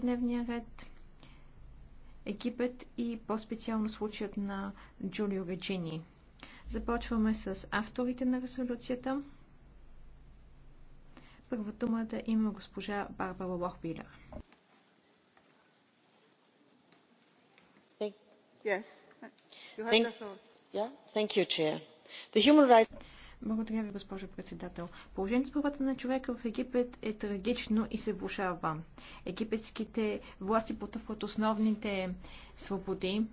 дневния ред. Египет и по-специално случаят на Джулио Веджини. Започваме с авторите на резолюцията. Първа думата има госпожа Барбара Лохбилер. Thank you, Chair. The human rights благодаря ви, госпожо председател. Положението с правата на човека в Египет е трагично и се влушава. Египетските власти потъпват основните свободи,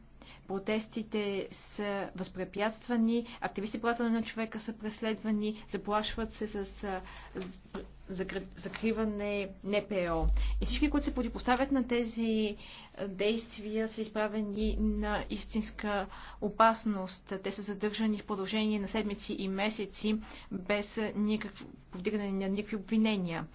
протестите са възпрепятствани, активисти правата на човека са преследвани, заплашват се с закриване НПО. И всички, които се противопоставят на тези действия, са изправени на истинска опасност. Те са задържани в продължение на седмици и месеци без никакво повдигане на никакви обвинения.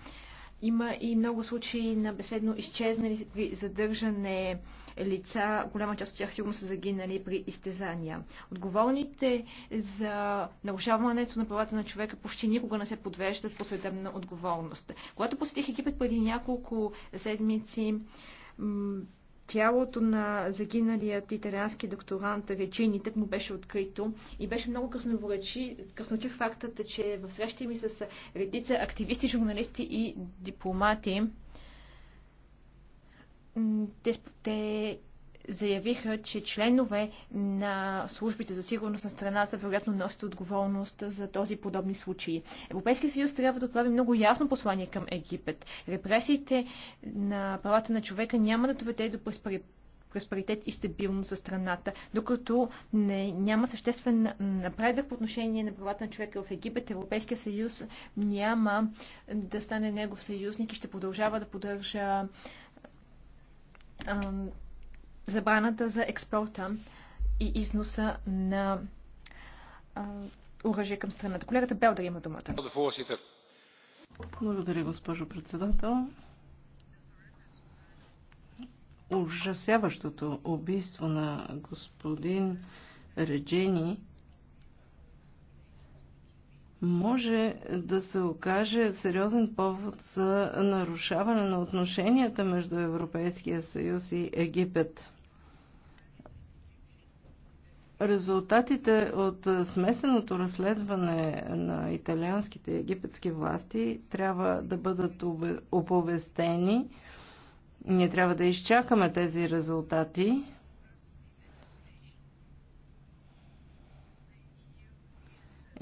Има и много случаи на беседно изчезнали задържане лица, голяма част от тях сигурно са загинали при изтезания. Отговорните за нарушаването на правата на човека почти никога не се подвеждат по съдебна отговорност. Когато посетих Египет преди няколко седмици, тялото на загиналият италиански докторант Речини тък му беше открито и беше много красноречив фактът, че в срещи ми с редица активисти, журналисти и дипломати те, те заявиха, че членове на службите за сигурност на страната вероятно носят отговорност за този подобни случаи. Европейския съюз трябва да отправи много ясно послание към Египет. Репресиите на правата на човека няма да доведе до просперитет и стабилност за страната, докато не, няма съществен напредък по отношение на правата на човека в Египет, Европейския съюз няма да стане негов съюзник и ще продължава да поддържа забраната за експорта и износа на оръжие към страната. Колегата Белдър има думата. Благодаря, госпожо председател. Ужасяващото убийство на господин Реджени може да се окаже сериозен повод за нарушаване на отношенията между Европейския съюз и Египет. Резултатите от смесеното разследване на италианските и египетски власти трябва да бъдат оповестени. Ние трябва да изчакаме тези резултати,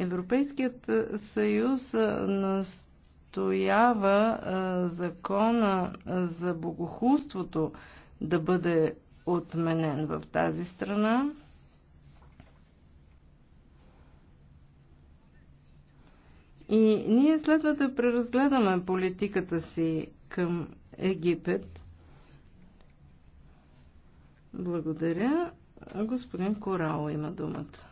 Европейският е, съюз е, настоява е, закона за богохулството да бъде отменен в тази страна. И ние следва да преразгледаме политиката си към Египет. Благодаря. Господин Корал има думата.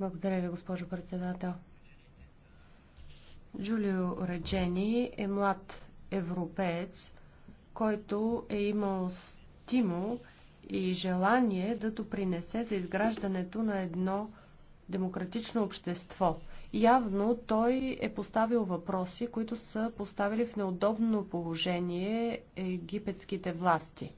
Благодаря ви, госпожо председател. Джулио Реджени е млад европеец, който е имал стимул и желание да допринесе за изграждането на едно демократично общество. Явно той е поставил въпроси, които са поставили в неудобно положение египетските власти.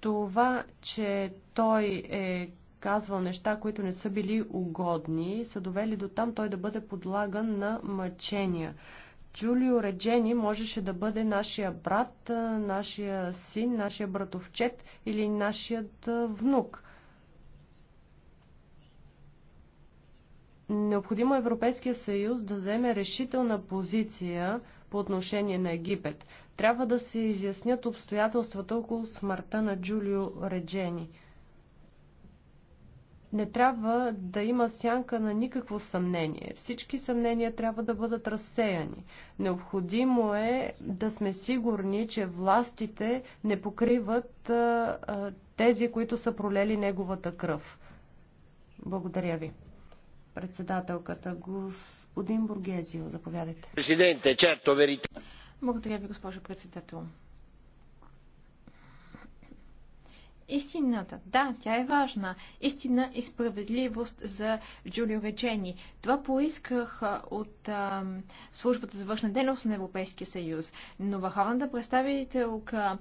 Това, че той е казвал неща, които не са били угодни, са довели до там той да бъде подлаган на мъчения. Джулио Реджени можеше да бъде нашия брат, нашия син, нашия братовчет или нашият внук. Необходимо е Европейския съюз да вземе решителна позиция по отношение на Египет. Трябва да се изяснят обстоятелствата около смъртта на Джулио Реджени. Не трябва да има сянка на никакво съмнение. Всички съмнения трябва да бъдат разсеяни. Необходимо е да сме сигурни, че властите не покриват а, а, тези, които са пролели неговата кръв. Благодаря ви. Председателката, господин Бургезио, заповядайте. Президенте, черто верите. Благодаря ви, госпожо председател. Истината, да, тя е важна. Истина и справедливост за Джулио Реджени. Това поисках от а, службата за външна дейност на Европейския съюз. Но върховната представителка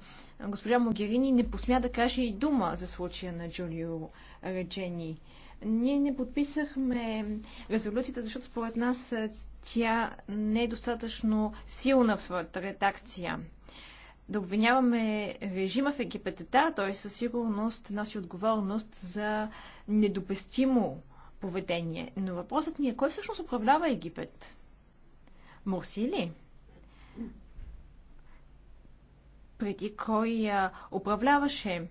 госпожа Могерини не посмя да каже и дума за случая на Джулио Реджени. А, ние не подписахме резолюцията, защото според нас е, тя не е достатъчно силна в своята редакция. Да обвиняваме режима в Египет, да, той със сигурност носи отговорност за недопестимо поведение. Но въпросът ми е, кой всъщност управлява Египет? Морси ли? Преди кой управляваше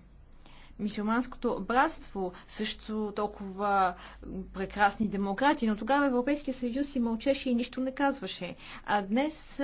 мисюлманското братство, също толкова прекрасни демократи, но тогава Европейския съюз си мълчеше и нищо не казваше. А днес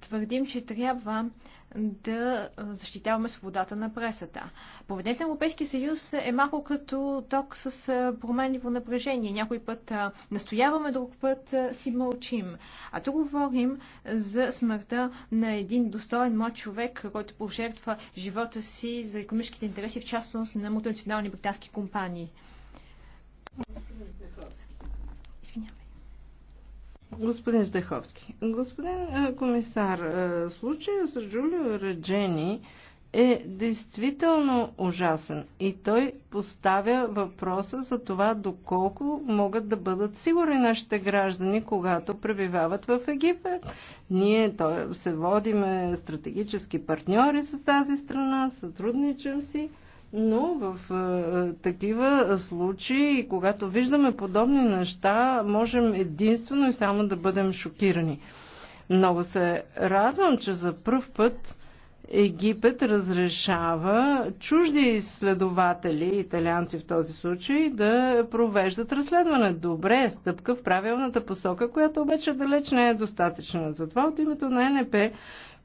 твърдим, че трябва да защитаваме свободата на пресата. Поведението на Европейския съюз е малко като ток с променливо напрежение. Някой път настояваме, друг път си мълчим. А тук говорим за смъртта на един достоен млад човек, който пожертва живота си за економическите интереси, в частност на мултинационални британски компании. Извинявай. Господин Здеховски, господин е, комисар, е, случая с Джулио Реджени е действително ужасен и той поставя въпроса за това доколко могат да бъдат сигурни нашите граждани, когато пребивават в Египет. Ние той, се водиме стратегически партньори с тази страна, сътрудничам си. Но в а, е, е, такива случаи, когато виждаме подобни неща, можем единствено и само да бъдем шокирани. Много се радвам, че за първ път Египет разрешава чужди изследователи, италианци в този случай, да провеждат разследване. Добре, е стъпка в правилната посока, която обаче далеч не е достатъчна. Затова от името на НП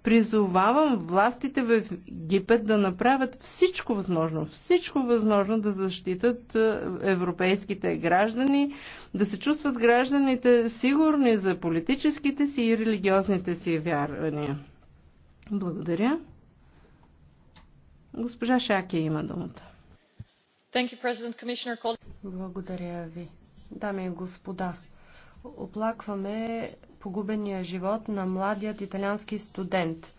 Призовавам властите в Египет да направят всичко възможно, всичко възможно да защитат е, европейските граждани, да се чувстват гражданите сигурни за политическите си и религиозните си вярвания. Благодаря. Госпожа Шаки има думата. Благодаря ви. Дами и господа, оплакваме погубения живот на младият италиански студент.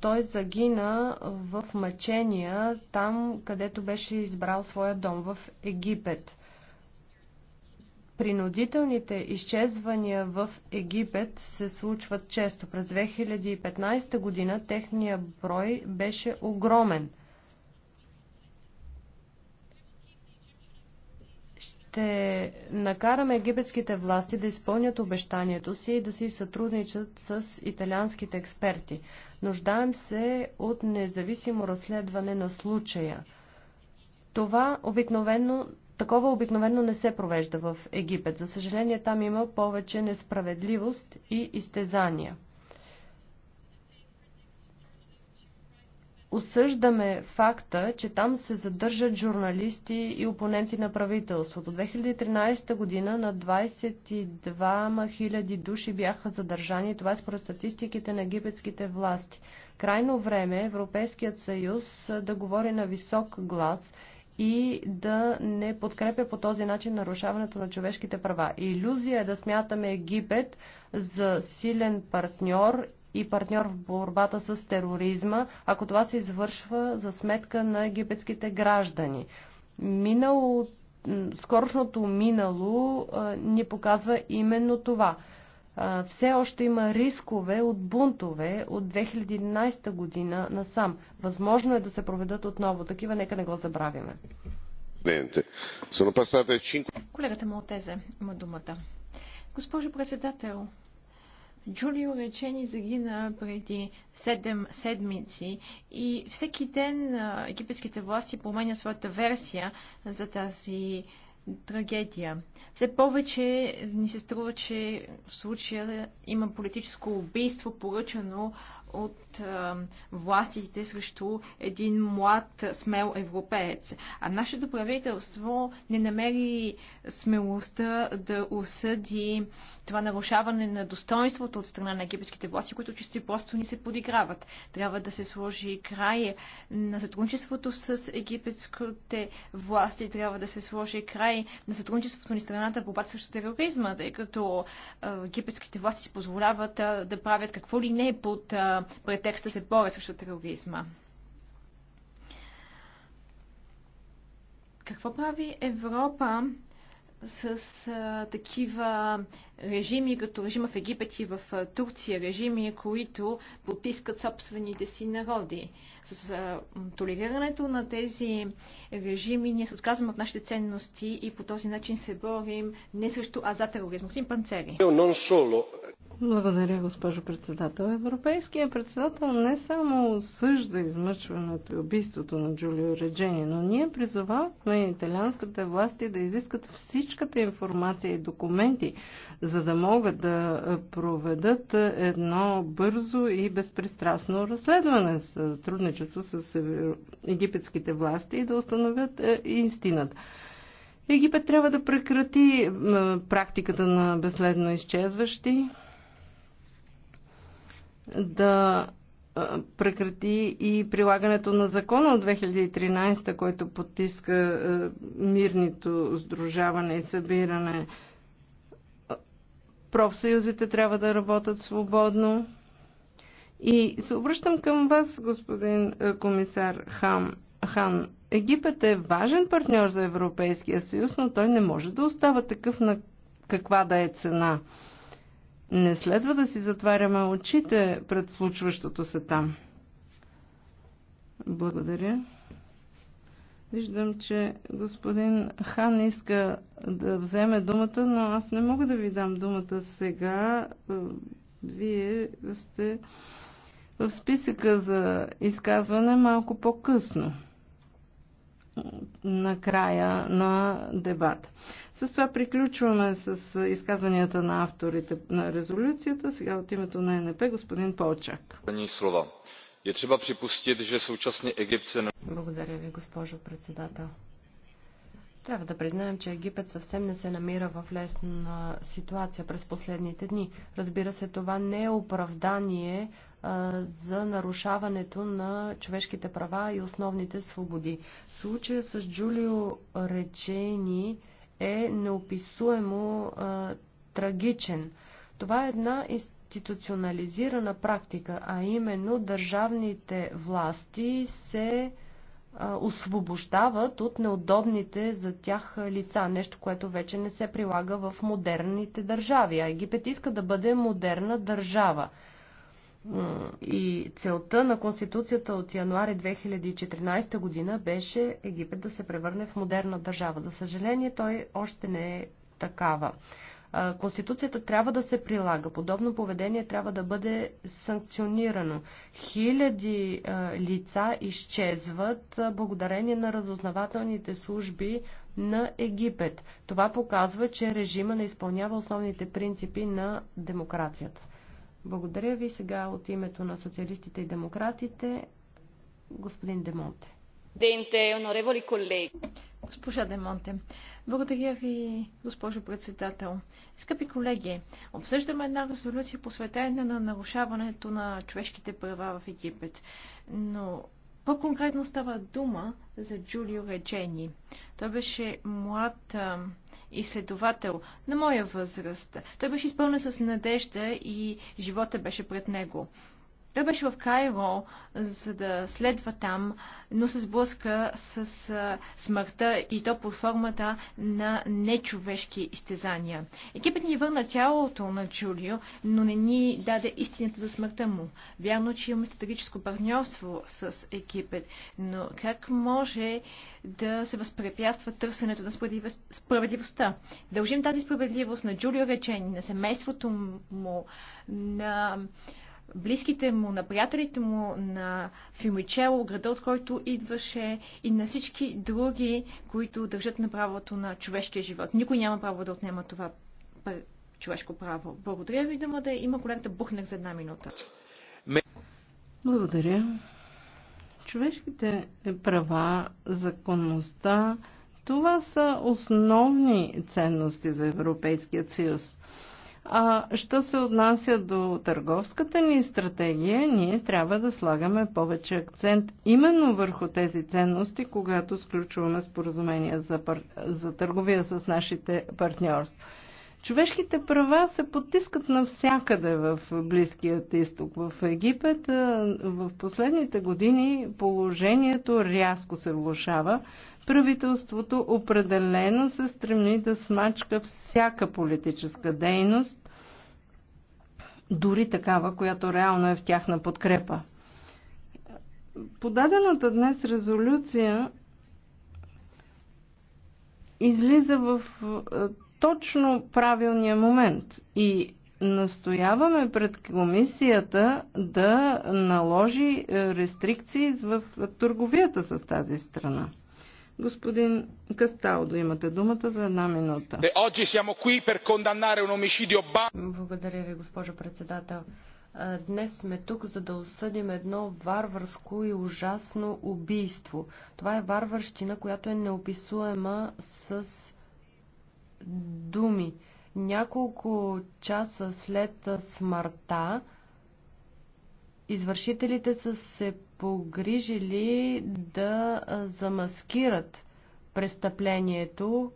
Той загина в мъчения там, където беше избрал своя дом в Египет. Принудителните изчезвания в Египет се случват често. През 2015 година техния брой беше огромен. ще накараме египетските власти да изпълнят обещанието си и да си сътрудничат с италианските експерти. Нуждаем се от независимо разследване на случая. Това обикновено, такова обикновено не се провежда в Египет. За съжаление, там има повече несправедливост и изтезания. осъждаме факта, че там се задържат журналисти и опоненти на правителството. 2013 година на 22 000 души бяха задържани. Това е според статистиките на египетските власти. Крайно време е Европейският съюз да говори на висок глас и да не подкрепя по този начин нарушаването на човешките права. Иллюзия е да смятаме Египет за силен партньор и партньор в борбата с тероризма, ако това се извършва за сметка на египетските граждани. Минало, скорошното минало ни показва именно това. все още има рискове от бунтове от 2011 година насам. Възможно е да се проведат отново такива, нека не го забравяме. Е Колегата Малтезе има думата. Госпожо председател, Джулио Речени загина преди 7 седмици и всеки ден египетските власти променят своята версия за тази трагедия. Все повече ни се струва, че в случая има политическо убийство, поръчано от а, властите срещу един млад, смел европеец. А нашето правителство не намери смелостта да осъди това нарушаване на достоинството от страна на египетските власти, които чисти просто ни се подиграват. Трябва да се сложи край на сътрудничеството с египетските власти, трябва да се сложи край на сътрудничеството ни страната в борбата срещу тероризма, тъй като египетските власти си позволяват а, да правят какво ли не под а, на претекста се борят срещу тероризма. Какво прави Европа с а, такива режими, като режима в Египет и в а, Турция, режими, които потискат собствените си народи. С а, толерирането на тези режими ние се отказваме от нашите ценности и по този начин се борим не срещу, а за тероризма. Господин Панцери. Благодаря, госпожо председател. Европейския председател не само осъжда измъчването и убийството на Джулио Реджени, но ние призовавахме италианските власти да изискат всичката информация и документи, за да могат да проведат едно бързо и безпристрастно разследване с трудничество с египетските власти и да установят е, истината. Египет трябва да прекрати практиката на безследно изчезващи да прекрати и прилагането на закона от 2013, който потиска мирното сдружаване и събиране. Профсъюзите трябва да работят свободно. И се обръщам към вас, господин комисар Хам, Хан. Египет е важен партньор за Европейския съюз, но той не може да остава такъв на каква да е цена. Не следва да си затваряме очите пред случващото се там. Благодаря. Виждам, че господин Хан иска да вземе думата, но аз не мога да ви дам думата сега. Вие сте в списъка за изказване малко по-късно на края на дебата. С това приключваме с изказванията на авторите на резолюцията. Сега от името на НП господин Полчак. Е, Благодаря ви, госпожо председател. Трябва да признаем, че Египет съвсем не се намира в лесна ситуация през последните дни. Разбира се, това не е оправдание а, за нарушаването на човешките права и основните свободи. Случая с Джулио Речени е неописуемо а, трагичен. Това е една институционализирана практика, а именно държавните власти се освобождават от неудобните за тях лица. Нещо, което вече не се прилага в модерните държави. А Египет иска да бъде модерна държава. И целта на Конституцията от януари 2014 година беше Египет да се превърне в модерна държава. За съжаление, той още не е такава. Конституцията трябва да се прилага. Подобно поведение трябва да бъде санкционирано. Хиляди лица изчезват благодарение на разузнавателните служби на Египет. Това показва, че режима не изпълнява основните принципи на демокрацията. Благодаря ви сега от името на социалистите и демократите, господин Демонте. Денте, колеги. Госпожа Демонте, благодаря ви, госпожо председател. Скъпи колеги, обсъждаме една резолюция посветена на нарушаването на човешките права в Египет. Но по-конкретно става дума за Джулио Реджени. Той беше млад а, изследовател на моя възраст. Той беше изпълнен с надежда и живота беше пред него. Той беше в Кайро, за да следва там, но се сблъска с смъртта и то под формата на нечовешки изтезания. Екипът ни върна тялото на Джулио, но не ни даде истината за смъртта му. Вярно, че имаме стратегическо партньорство с екипът, но как може да се възпрепятства търсенето на справедливостта? Дължим тази справедливост на Джулио Речени, на семейството му, на близките му, на приятелите му, на Фимичело, града, от който идваше и на всички други, които държат на правото на човешкия живот. Никой няма право да отнема това човешко право. Благодаря ви, дума да има колегата Бухнер за една минута. Благодаря. Човешките права, законността, това са основни ценности за Европейския съюз. А що се отнася до търговската ни стратегия, ние трябва да слагаме повече акцент именно върху тези ценности, когато сключваме споразумения за, пар... за търговия с нашите партньорства. Човешките права се потискат навсякъде в Близкият изток. В Египет в последните години положението рязко се влушава, правителството определено се стреми да смачка всяка политическа дейност, дори такава, която реално е в тяхна подкрепа. Подадената днес резолюция излиза в е, точно правилния момент и настояваме пред комисията да наложи е, рестрикции в е, търговията с тази страна. Господин Касталдо, имате думата за една минута. Е, Благодаря ви, госпожо председател. Днес сме тук, за да осъдим едно варварско и ужасно убийство. Това е варварщина, която е неописуема с думи. Няколко часа след смъртта, извършителите са се погрижили да замаскират престъплението.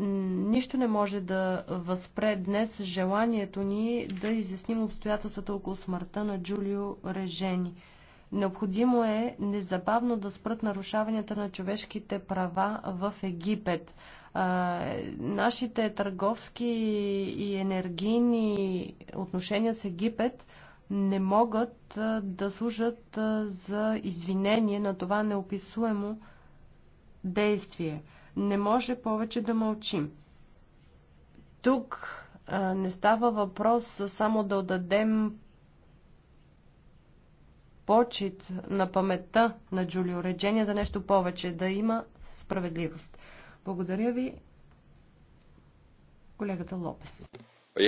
Нищо не може да възпре днес желанието ни да изясним обстоятелствата около смъртта на Джулио Режени. Необходимо е незабавно да спрат нарушаванията на човешките права в Египет. А, нашите търговски и енергийни отношения с Египет – не могат да служат за извинение на това неописуемо действие. Не може повече да мълчим. Тук не става въпрос само да отдадем почет на паметта на Джулио Реджения за нещо повече, да има справедливост. Благодаря ви, колегата Лопес.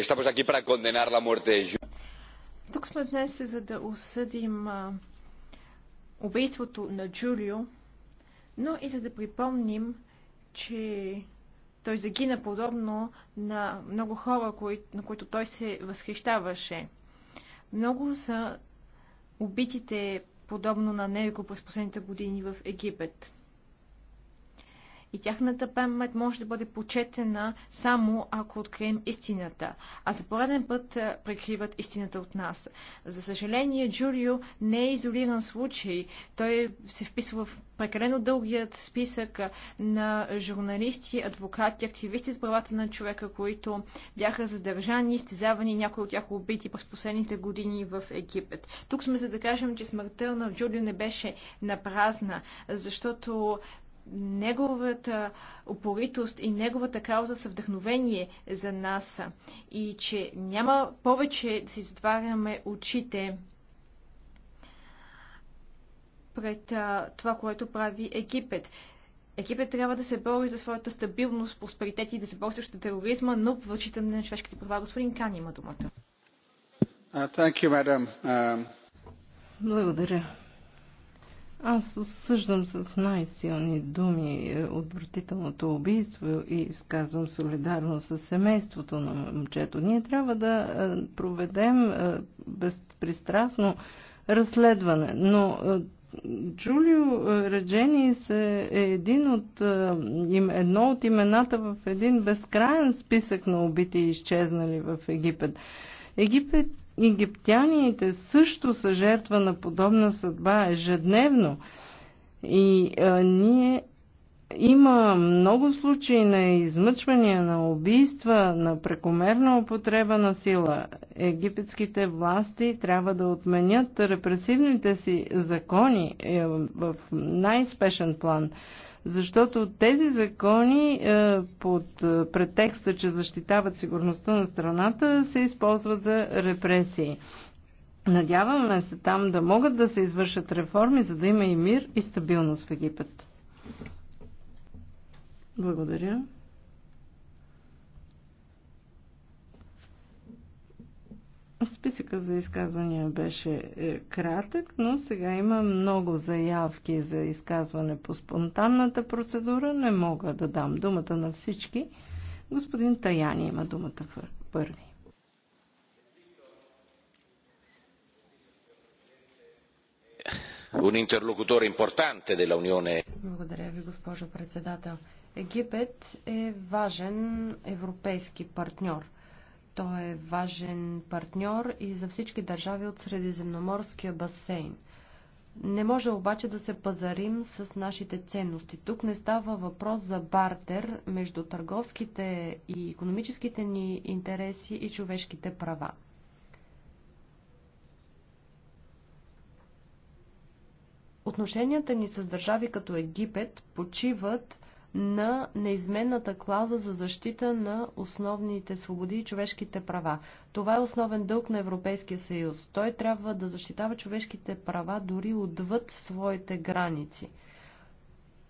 Estamos aquí para condenar la muerte de тук сме днес, за да осъдим убийството на Джулио, но и за да припомним, че той загина подобно на много хора, кои, на които той се възхищаваше. Много са убитите подобно на него през последните години в Египет и тяхната памет може да бъде почетена само ако открием истината, а за пореден път прикриват истината от нас. За съжаление, Джулио не е изолиран случай. Той се вписва в прекалено дългият списък на журналисти, адвокати, активисти с правата на човека, които бяха задържани, изтезавани, някои от тях убити през последните години в Египет. Тук сме за да кажем, че смъртта на Джулио не беше напразна, защото неговата опоритост и неговата кауза са вдъхновение за нас и че няма повече да си затваряме очите пред а, това, което прави Египет. Египет трябва да се бори за своята стабилност, просперитет и да се бори срещу тероризма, но в зачитане на човешките права. Господин Кан има думата. Uh, you, uh... Благодаря. Аз осъждам с най-силни думи отвратителното убийство и изказвам солидарно с семейството на момчето. Ние трябва да е, проведем е, безпристрастно разследване, но е, Джулио Реджени е един от, едно от имената в един безкрайен списък на убити и изчезнали в Египет. Египет египтяните също са жертва на подобна съдба ежедневно. И а, ние има много случаи на измъчвания, на убийства, на прекомерна употреба на сила. Египетските власти трябва да отменят репресивните си закони е, в най-спешен план защото тези закони е, под е, претекста, че защитават сигурността на страната, се използват за репресии. Надяваме се там да могат да се извършат реформи, за да има и мир и стабилност в Египет. Благодаря. Списъка за изказвания беше е, кратък, но сега има много заявки за изказване по спонтанната процедура. Не мога да дам думата на всички. Господин Таяни има думата първи. Un interlocutore importante Unione. Благодаря ви, госпожо председател. Египет е важен европейски партньор – той е важен партньор и за всички държави от Средиземноморския басейн. Не може обаче да се пазарим с нашите ценности. Тук не става въпрос за бартер между търговските и економическите ни интереси и човешките права. Отношенията ни с държави като Египет почиват на неизменната клауза за защита на основните свободи и човешките права. Това е основен дълг на Европейския съюз. Той трябва да защитава човешките права дори отвъд своите граници.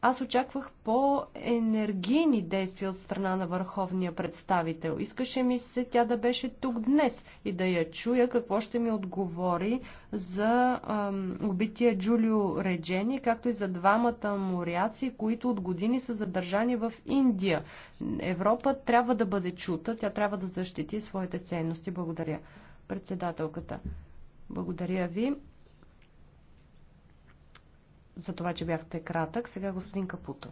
Аз очаквах по-енергийни действия от страна на върховния представител. Искаше ми се тя да беше тук днес и да я чуя какво ще ми отговори за ам, убития Джулио Реджени, както и за двамата моряци, които от години са задържани в Индия. Европа трябва да бъде чута, тя трябва да защити своите ценности. Благодаря. Председателката. Благодаря ви за това, че бяхте кратък. Сега господин Капуто.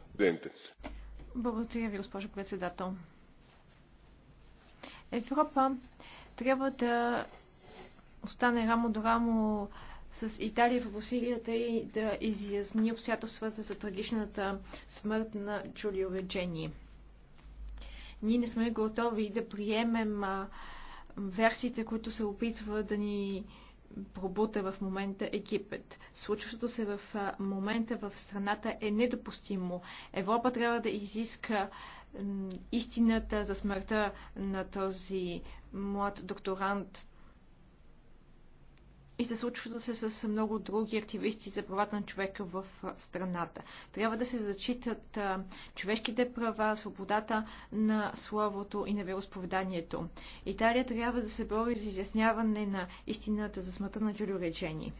Благодаря ви, госпожо председател. Европа трябва да остане рамо до рамо с Италия в усилията и да изясни обстоятелствата за трагичната смърт на Джулио Реджени. Ние не сме готови да приемем версиите, които се опитва да ни пробута в момента Египет. Случващото се в момента в страната е недопустимо. Европа трябва да изиска истината за смъртта на този млад докторант и се да се с много други активисти за правата на човека в страната. Трябва да се зачитат човешките права, свободата на словото и на вероисповеданието. Италия трябва да се бори за изясняване на истината за смъртта на Джулио Речени.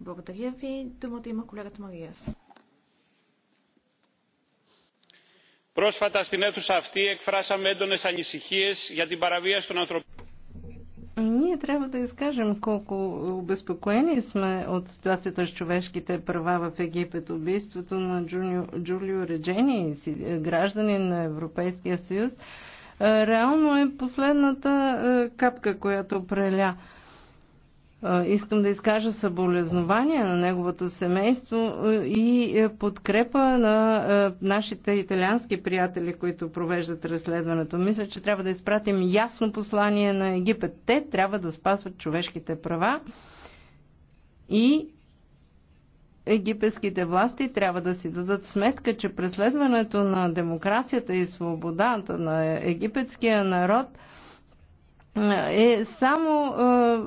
Благодаря ви. Думата има колегата Мариас. Πρόσφατα στην αίθουσα αυτή εκφράσαμε έντονες ανησυχίες για την παραβίαση των ανθρωπίνων ние трябва да изкажем колко обезпокоени сме от ситуацията с човешките права в Египет. Убийството на Джунио, Джулио Реджени, гражданин на Европейския съюз, реално е последната капка, която преля Искам да изкажа съболезнования на неговото семейство и е, подкрепа на нашите италиански приятели, които провеждат разследването. Мисля, че трябва да изпратим ясно послание на Египет. Те трябва да спазват човешките права и египетските власти трябва да си дадат сметка, че преследването на демокрацията и свободата на египетския народ – е само е,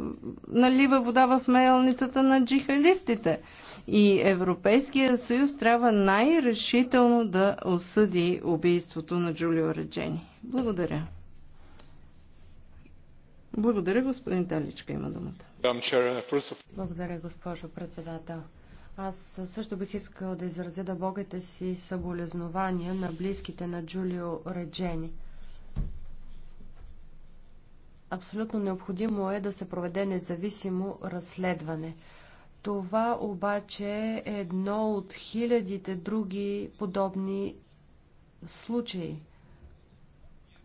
налива вода в мелницата на джихадистите. И Европейския съюз трябва най-решително да осъди убийството на Джулио Реджени. Благодаря. Благодаря, господин Таличка има думата. Благодаря, госпожо председател. Аз също бих искал да изразя дълбоките си съболезнования на близките на Джулио Реджени – Абсолютно необходимо е да се проведе независимо разследване. Това обаче е едно от хилядите други подобни случаи.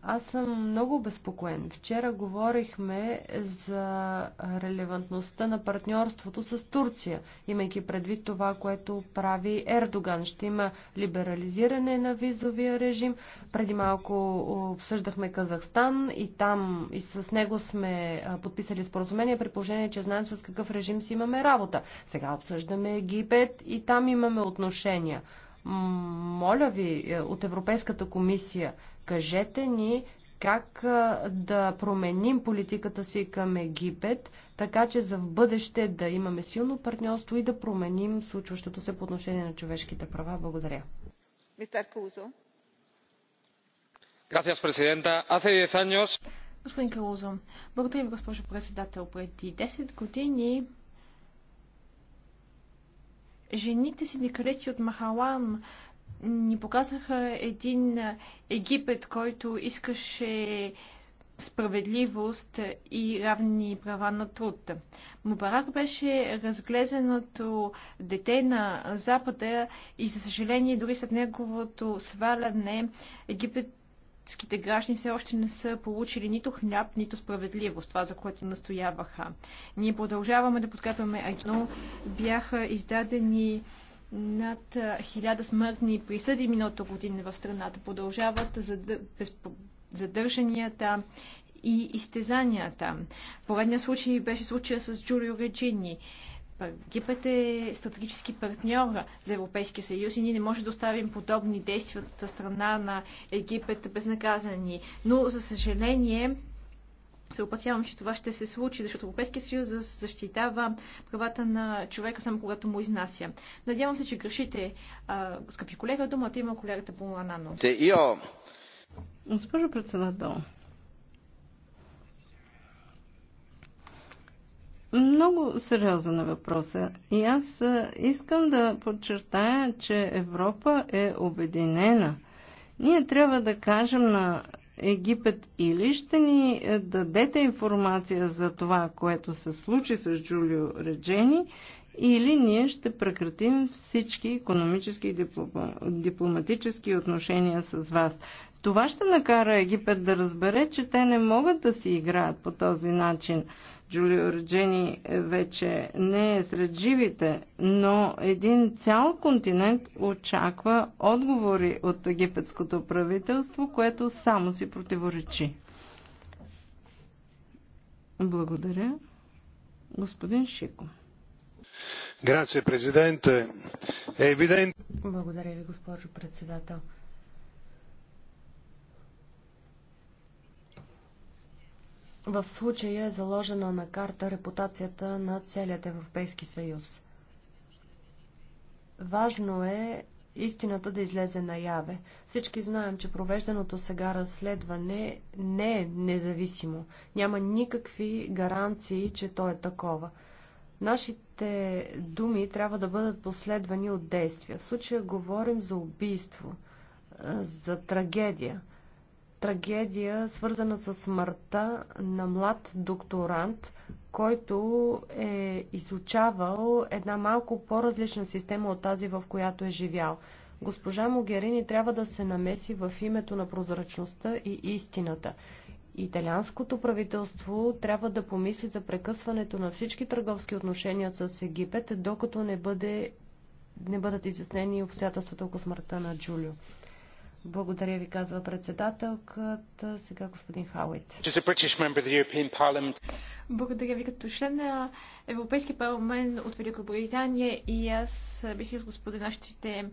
Аз съм много обезпокоен. Вчера говорихме за релевантността на партньорството с Турция, имайки предвид това, което прави Ердоган. Ще има либерализиране на визовия режим. Преди малко обсъждахме Казахстан и там и с него сме подписали споразумение при положение, че знаем с какъв режим си имаме работа. Сега обсъждаме Египет и там имаме отношения. Моля ви е, от Европейската комисия, кажете ни как е, да променим политиката си към Египет, така че за в бъдеще да имаме силно партньорство и да променим случващото се по отношение на човешките права. Благодаря. Господин Калузо, благодаря ви, госпожо председател. Преди 10 години Жените си синдикалисти от Махалам ни показаха един Египет, който искаше справедливост и равни права на труд. Мубарак беше разглезеното дете на Запада и, за съжаление, дори след неговото сваляне, Египет ските граждани все още не са получили нито хляб, нито справедливост, това за което настояваха. Ние продължаваме да подкрепяме Агино. Бяха издадени над хиляда смъртни присъди миналата година в страната. Продължават задържанията и изтезанията. Поредният случай беше случая с Джулио Реджини. Египет е стратегически партньор за Европейския съюз и ние не може да оставим подобни действия от страна на Египет безнаказани. Но, за съжаление, се опасявам, че това ще се случи, защото Европейския съюз защитава правата на човека само когато му изнася. Надявам се, че грешите, скъпи колега, думата има колегата по-ланано. Госпожо председател, много сериозен е въпроса. И аз искам да подчертая, че Европа е обединена. Ние трябва да кажем на Египет или ще ни е, дадете информация за това, което се случи с Джулио Реджени, или ние ще прекратим всички економически и дипломатически отношения с вас. Това ще накара Египет да разбере, че те не могат да си играят по този начин. Джулио Реджени вече не е сред живите, но един цял континент очаква отговори от египетското правителство, което само си противоречи. Благодаря. Господин Шико. Грация, президенте. Е Благодаря ви, госпожо председател. В случая е заложена на карта репутацията на целият Европейски съюз. Важно е истината да излезе наяве. Всички знаем, че провежданото сега разследване не е независимо. Няма никакви гаранции, че то е такова. Нашите думи трябва да бъдат последвани от действия. В случая говорим за убийство, за трагедия трагедия, свързана с смъртта на млад докторант, който е изучавал една малко по-различна система от тази, в която е живял. Госпожа Могерини трябва да се намеси в името на прозрачността и истината. Италианското правителство трябва да помисли за прекъсването на всички търговски отношения с Египет, докато не, бъде, не бъдат изяснени обстоятелствата около смъртта на Джулио. Благодаря ви, казва председателката. Сега господин Хауит. Благодаря ви. Като член на Европейския парламент от Великобритания и аз бих споделя нашите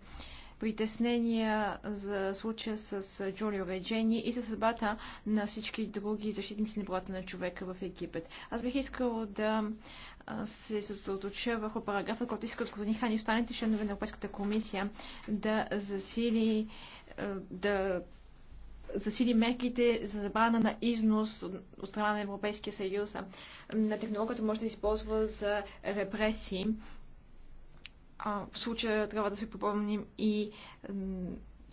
притеснения за случая с Джулио Реджени и за съдбата на всички други защитници на правата на човека в Египет. Аз бих искала да се съсредоточа върху параграфа, който иска от Хани и останалите членове на Европейската комисия да засили да засили мерките за забрана на износ от страна на Европейския съюз на технологията може да се използва за репресии. в случая трябва да се попомним и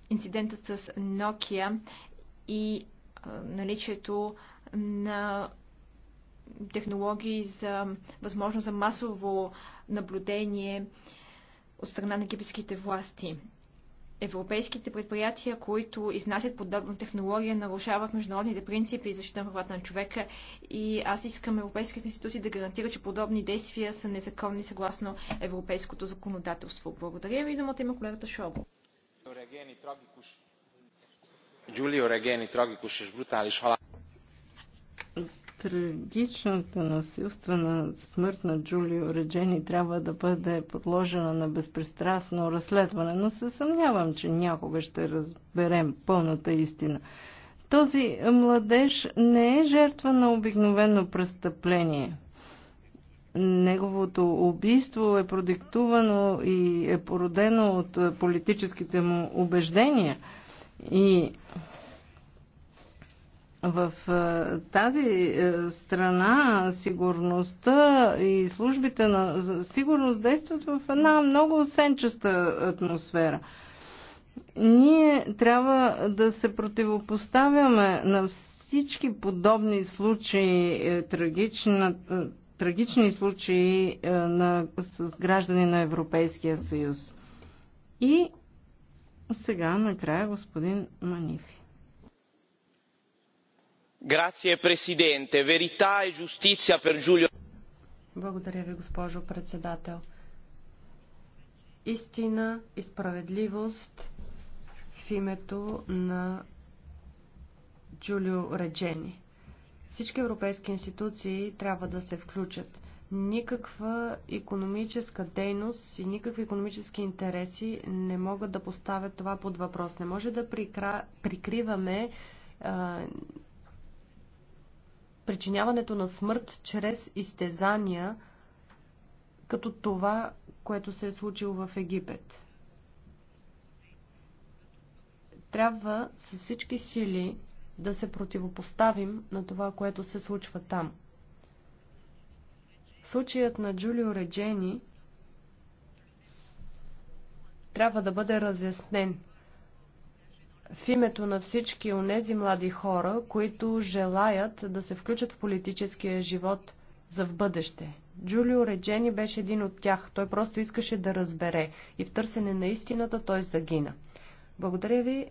инцидентът с Nokia и наличието на технологии за възможност за масово наблюдение от страна на египетските власти европейските предприятия, които изнасят подобна технология, нарушават международните принципи и защита на правата на човека. И аз искам европейските институции да гарантира, че подобни действия са незаконни съгласно европейското законодателство. Благодаря ви. Думата има колегата Шобо. Giulio Regeni tragikus és brutális трагичната насилствена смърт на Джулио Реджени трябва да бъде подложена на безпристрастно разследване, но се съмнявам, че някога ще разберем пълната истина. Този младеж не е жертва на обикновено престъпление. Неговото убийство е продиктувано и е породено от политическите му убеждения. И в е, тази е, страна сигурността и службите на сигурност действат в една много сенчеста атмосфера. Ние трябва да се противопоставяме на всички подобни случаи, е, трагична, трагични случаи на, с граждани на Европейския съюз. И сега накрая господин Манифи. Грация, президенте. Верита и юстиция пер Джулио. Благодаря ви, госпожо председател. Истина и справедливост в името на Джулио Реджени. Всички европейски институции трябва да се включат. Никаква икономическа дейност и никакви икономически интереси не могат да поставят това под въпрос. Не може да прикриваме причиняването на смърт чрез изтезания, като това, което се е случило в Египет. Трябва с всички сили да се противопоставим на това, което се случва там. Случаят на Джулио Реджени трябва да бъде разяснен в името на всички онези млади хора, които желаят да се включат в политическия живот за в бъдеще. Джулио Реджени беше един от тях. Той просто искаше да разбере и в търсене на истината той загина. Благодаря ви,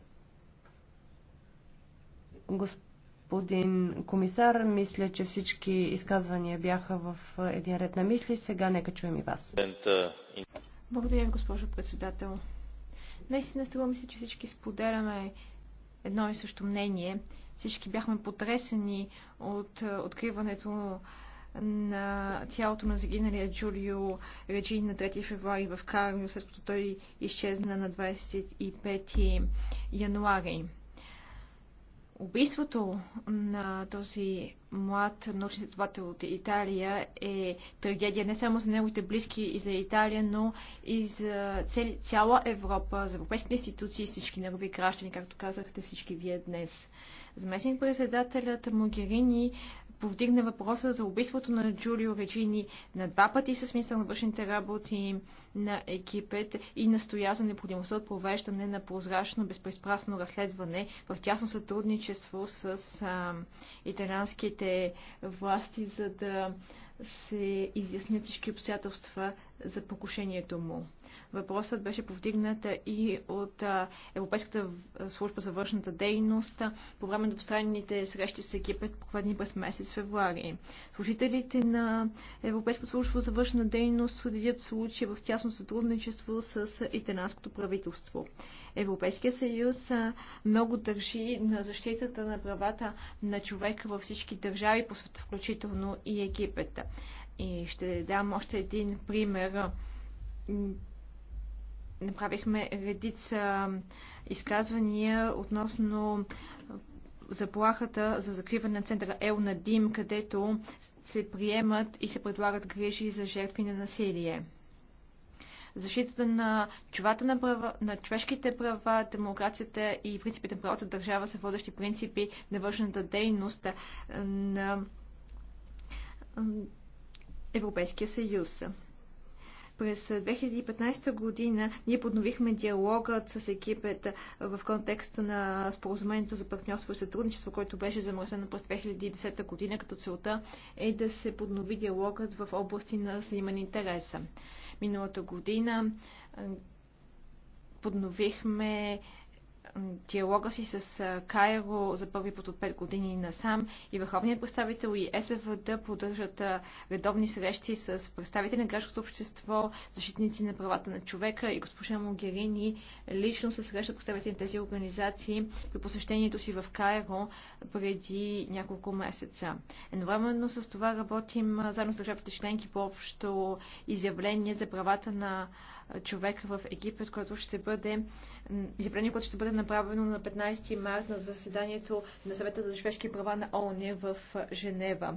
господин комисар. Мисля, че всички изказвания бяха в един ред на мисли. Сега нека чуем и вас. Благодаря ви, госпожо председател. Наистина струва ми се, че всички споделяме едно и също мнение. Всички бяхме потресени от е, откриването на тялото на загиналия Джулио Реджин на 3 февруари в Кармио, след като той изчезна на 25 януари. Убийството на този млад научен изследовател от Италия е трагедия не само за неговите близки и за Италия, но и за цяла Европа, за европейските институции и всички негови граждани, както казахте всички вие днес. Заместник председателят Могерини повдигне въпроса за убийството на Джулио Реджини на два пъти с министър на външните работи на Египет и настоя за необходимостта от провеждане на прозрачно, безпристрастно разследване в тясно сътрудничество с а, италианските власти, за да се изяснят всички обстоятелства за покушението му. Въпросът беше повдигната и от Европейската служба за външната дейност по време на двустранните срещи с Египет, проведени през месец февруари. Служителите на Европейска служба за външна дейност следят случаи в тясно сътрудничество с италянското правителство. Европейския съюз много държи на защитата на правата на човека във всички държави по света, включително и Египет. И ще дам още един пример направихме редица изказвания относно заплахата за закриване на центъра Ел на Дим, където се приемат и се предлагат грижи за жертви на насилие. Защитата на, чувата на, права, на човешките права, демокрацията и принципите на правата държава са водещи принципи на външната дейност на Европейския съюз. През 2015 година ние подновихме диалогът с екипета в контекста на споразумението за партньорство и сътрудничество, което беше замръзено през 2010 година, като целта е да се поднови диалогът в области на взаимен интереса. Миналата година подновихме диалога си с Кайро за първи път от 5 години насам и Върховният представител и СВД да поддържат редовни срещи с представители на гражданското общество, защитници на правата на човека и госпожа Могерини лично се срещат представители на тези организации при посещението си в Кайро преди няколко месеца. Едновременно с това работим заедно с държавите членки по общо изявление за правата на човек в Египет, който ще бъде изявление, което ще бъде направено на 15 март на заседанието на съвета за човешки права на ООН в Женева.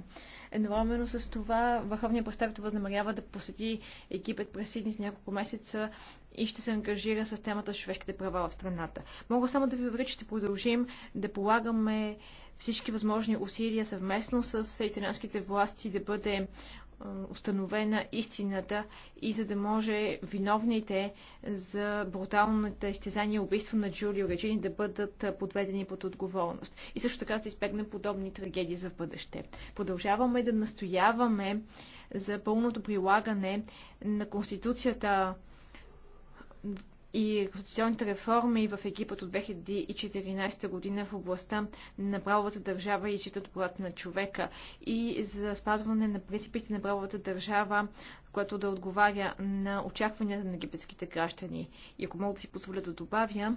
Едновременно с това върховният представител възнамерява да посети Египет през с няколко месеца и ще се ангажира с темата за човешките права в страната. Мога само да ви уверя, че ще продължим да полагаме всички възможни усилия съвместно с италианските власти да бъде е, установена истината и за да може виновните за бруталната изтезание и убийство на Джулио Реджини да бъдат е, подведени под отговорност. И също така да избегнем подобни трагедии за бъдеще. Продължаваме да настояваме за пълното прилагане на Конституцията и конституционните реформи в Египет от 2014 година в областта на правовата държава и защита правата на човека и за спазване на принципите на правовата държава, което да отговаря на очакванията на египетските граждани. И ако мога да си позволя да добавя,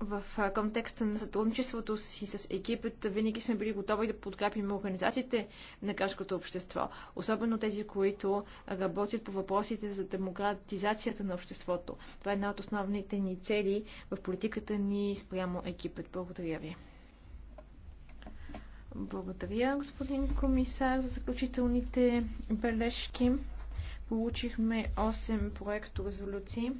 в контекста на сътрудничеството си с Египет винаги сме били готови да подкрепим организациите на гражданското общество, особено тези, които работят по въпросите за демократизацията на обществото. Това е една от основните ни цели в политиката ни спрямо Египет. Благодаря ви. Благодаря, господин комисар, за заключителните бележки. Получихме 8 проекто резолюции.